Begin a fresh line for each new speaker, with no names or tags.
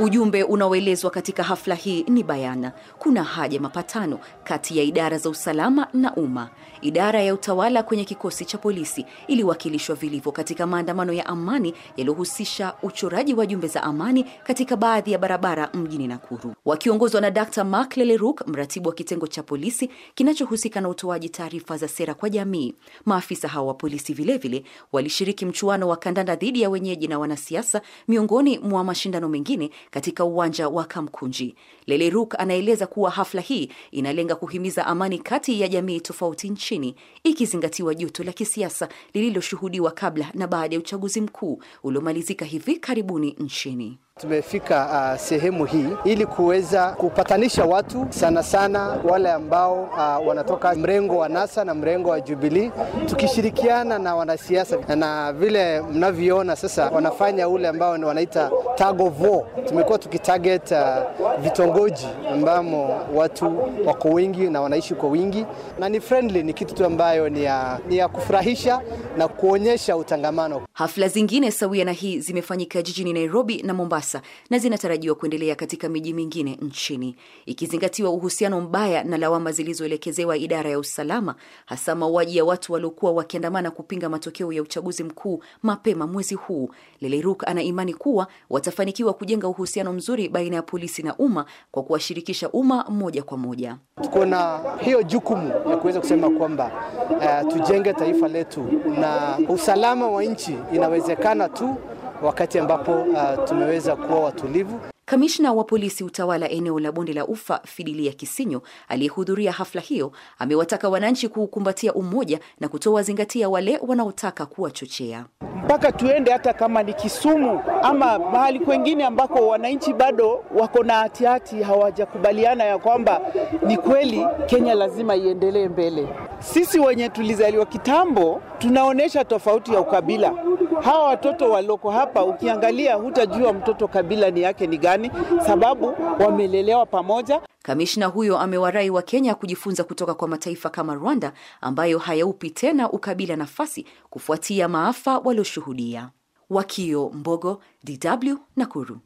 Ujumbe unaoelezwa katika hafla hii ni bayana: kuna haja mapatano kati ya idara za usalama na umma Idara ya utawala kwenye kikosi cha polisi iliwakilishwa vilivyo katika maandamano ya amani yaliyohusisha uchoraji wa jumbe za amani katika baadhi ya barabara mjini Nakuru, wakiongozwa na Dr. Mark Leleruk, mratibu wa kitengo cha polisi kinachohusika na utoaji taarifa za sera kwa jamii. Maafisa hawa wa polisi vilevile walishiriki mchuano wa kandanda dhidi ya wenyeji na wanasiasa miongoni mwa mashindano mengine katika uwanja wa Kamkunji. Leleruk anaeleza kuwa hafla hii inalenga kuhimiza amani kati ya jamii tofauti nchi nchini ikizingatiwa joto la kisiasa lililoshuhudiwa kabla na baada ya uchaguzi mkuu uliomalizika hivi karibuni nchini.
Tumefika uh, sehemu hii ili kuweza kupatanisha watu sana sana wale ambao uh, wanatoka mrengo wa NASA na mrengo wa Jubilee, tukishirikiana na wanasiasa na vile mnavyoona sasa wanafanya ule ambao wanaita tug of war. Tumekuwa tukitarget uh, vitongoji ambamo watu wako wengi na wanaishi kwa wingi,
na ni friendly, ni kitu tu ambayo ni ya, ni ya kufurahisha na kuonyesha utangamano. Hafla zingine sawia na hii zimefanyika jijini Nairobi na Mombasa sasa na zinatarajiwa kuendelea katika miji mingine nchini, ikizingatiwa uhusiano mbaya na lawama zilizoelekezewa idara ya usalama, hasa mauaji ya watu waliokuwa wakiandamana kupinga matokeo ya uchaguzi mkuu mapema mwezi huu. Leleruk ana imani kuwa watafanikiwa kujenga uhusiano mzuri baina ya polisi na umma kwa kuwashirikisha umma moja kwa moja. Tuko na hiyo jukumu
ya kuweza kusema kwamba
uh, tujenge taifa letu na
usalama wa nchi inawezekana tu wakati ambapo
uh, tumeweza kuwa watulivu. Kamishna wa polisi utawala eneo la bonde la ufa Fidilia Kisinyo aliyehudhuria hafla hiyo amewataka wananchi kuukumbatia umoja na kutowazingatia wale wanaotaka kuwachochea mpaka
tuende hata kama ni
Kisumu ama mahali kwengine ambako wananchi bado
wako na hatihati, hawajakubaliana ya kwamba ni kweli Kenya lazima iendelee mbele. Sisi wenye tulizaliwa kitambo tunaonyesha tofauti ya ukabila hawa watoto waloko hapa, ukiangalia hutajua mtoto kabila ni yake ni gani,
sababu wamelelewa pamoja. Kamishna huyo amewarai wa Kenya kujifunza kutoka kwa mataifa kama Rwanda ambayo hayaupi tena ukabila nafasi kufuatia maafa walioshuhudia. Wakio Mbogo, DW, Nakuru.